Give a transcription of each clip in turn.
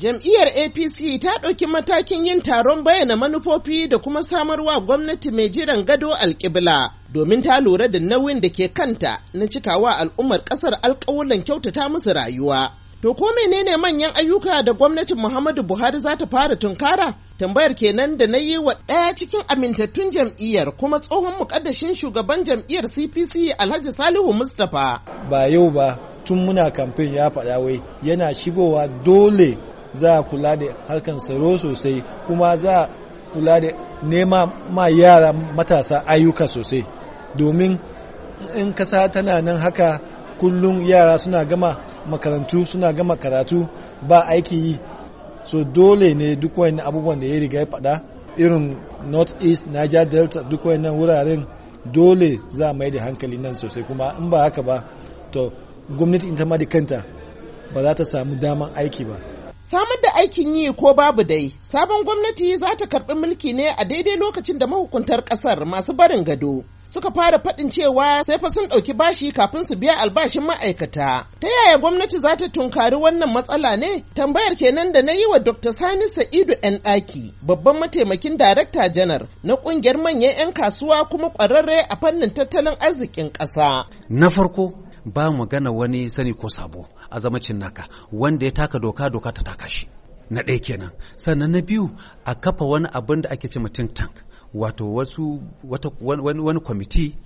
Jam'iyyar APC ta ɗauki matakin yin taron bayyana manufofi da kuma samarwa gwamnati mai jiran gado alƙibla domin ta lura da nauyin da ke kanta na cikawa al'ummar ƙasar alƙawulan kyautata musu rayuwa. To ko menene manyan ayyuka da gwamnatin Muhammadu Buhari za ta fara tunkara? Tambayar kenan da na yi wa ɗaya cikin amintattun jam'iyyar kuma tsohon muƙaddashin shugaban jam'iyyar CPC Alhaji Salihu Mustapha. Ba yau ba tun muna kamfen ya faɗa wai yana shigowa dole za a kula da harkan tsaro sosai kuma za a kula da nema ma yara matasa ayyuka sosai domin in kasa tana nan haka kullum yara suna gama makarantu suna gama karatu ba aiki yi so dole ne duk wani abubuwan da ya riga ya faɗa irin north east niger delta duk wani wuraren dole za a mai da hankali nan sosai kuma in ba haka ba to gwamnati ita ma da kanta ba za ta samu daman aiki ba Samar da aikin yi ko babu dai, sabon gwamnati za ta karɓi mulki ne a daidai lokacin da mahukuntar ƙasar masu barin gado. Suka fara faɗin cewa sai fa sun ɗauki bashi kafin su biya albashin ma'aikata. Ta yaya gwamnati za ta tunkari wannan matsala ne? Tambayar kenan da na yi wa Dr. Sani Sa'idu ‘yan ɗaki, babban mataimakin darakta janar na ƙungiyar manyan ‘yan kasuwa kuma ƙwararre a fannin tattalin arzikin ƙasa. Na farko, ba magana wani sani ko sabo a zamacin naka wanda ya taka doka doka ta taka shi na ɗaya kenan sannan na biyu a kafa wani abin da ake ce mutum tank wato wasu wani kwamiti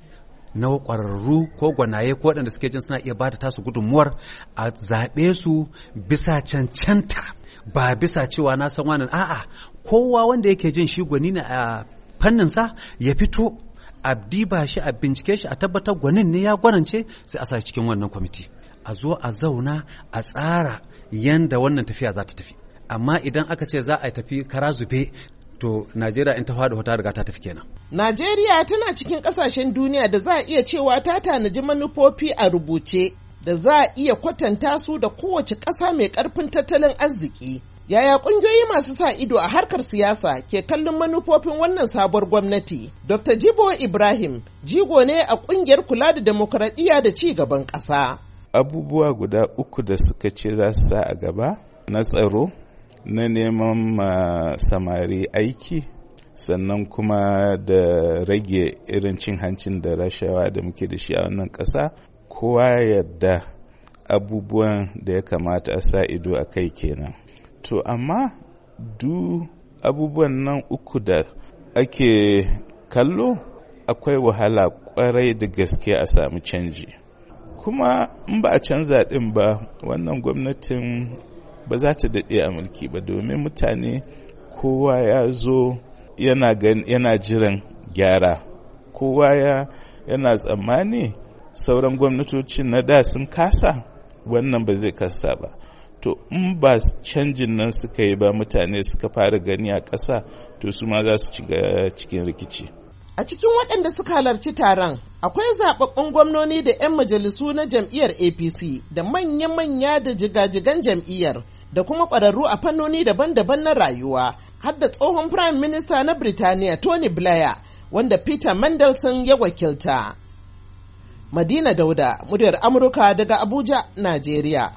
na kwararru ko gwanaye ko waɗanda suke jin suna iya bada tasu gudunmuwar a zaɓe su bisa cancanta ba bisa cewa na san wani a'a kowa wanda yake jin shi gwani ne a fanninsa ya fito a diba shi a bincike shi a tabbatar gwanin ne ya gwanance sai a sa cikin wannan kwamiti a zo a zauna a tsara yanda wannan tafiya za ta tafi amma idan aka ce za a tafi kara zube to Najeriya in ta faɗi ta riga ta tafi kenan. Najeriya tana cikin ƙasashen duniya da za a iya cewa ta tanaji manufofi a rubuce da za a iya kwatanta su da kowace ƙasa mai ƙarfin tattalin arziki. Yaya kungiyoyi masu sa ido a harkar siyasa ke kallon manufofin wannan sabuwar gwamnati? Dr. Jibo Ibrahim jigo ne a kungiyar kula da demokradiyya da ci gaban ƙasa. Abubuwa guda uku da suka ce za su sa a gaba na tsaro, na neman samari aiki, sannan kuma da rage irin cin hancin da rashawa da muke da shi a wannan ƙasa. Kowa yadda abubuwan da ya kamata a sa ido a kai kenan. to amma du abubuwan nan uku da ake kallo akwai wahala kwarai da gaske a samu canji kuma in ba a canza din ba wannan gwamnatin ba za ta daɗe a mulki ba domin mutane kowa ya zo yana jiran gyara kowa ya yana tsammani sauran gwamnatoci na da sun kasa wannan ba zai kasa ba to in ba canjin nan suka yi ba mutane suka fara gani a ƙasa to su ma za su shiga cikin rikici a cikin waɗanda suka halarci taron akwai zaɓaɓɓun gwamnoni da 'yan majalisu na jam'iyyar apc da manya-manya da jigajigan jam'iyyar da kuma ƙwararru a fannoni daban-daban na rayuwa har da tsohon prime minista na Birtaniya Tony Blair wanda Peter Mandelson ya wakilta. Madina Dauda, muryar Amurka daga Abuja, Najeriya.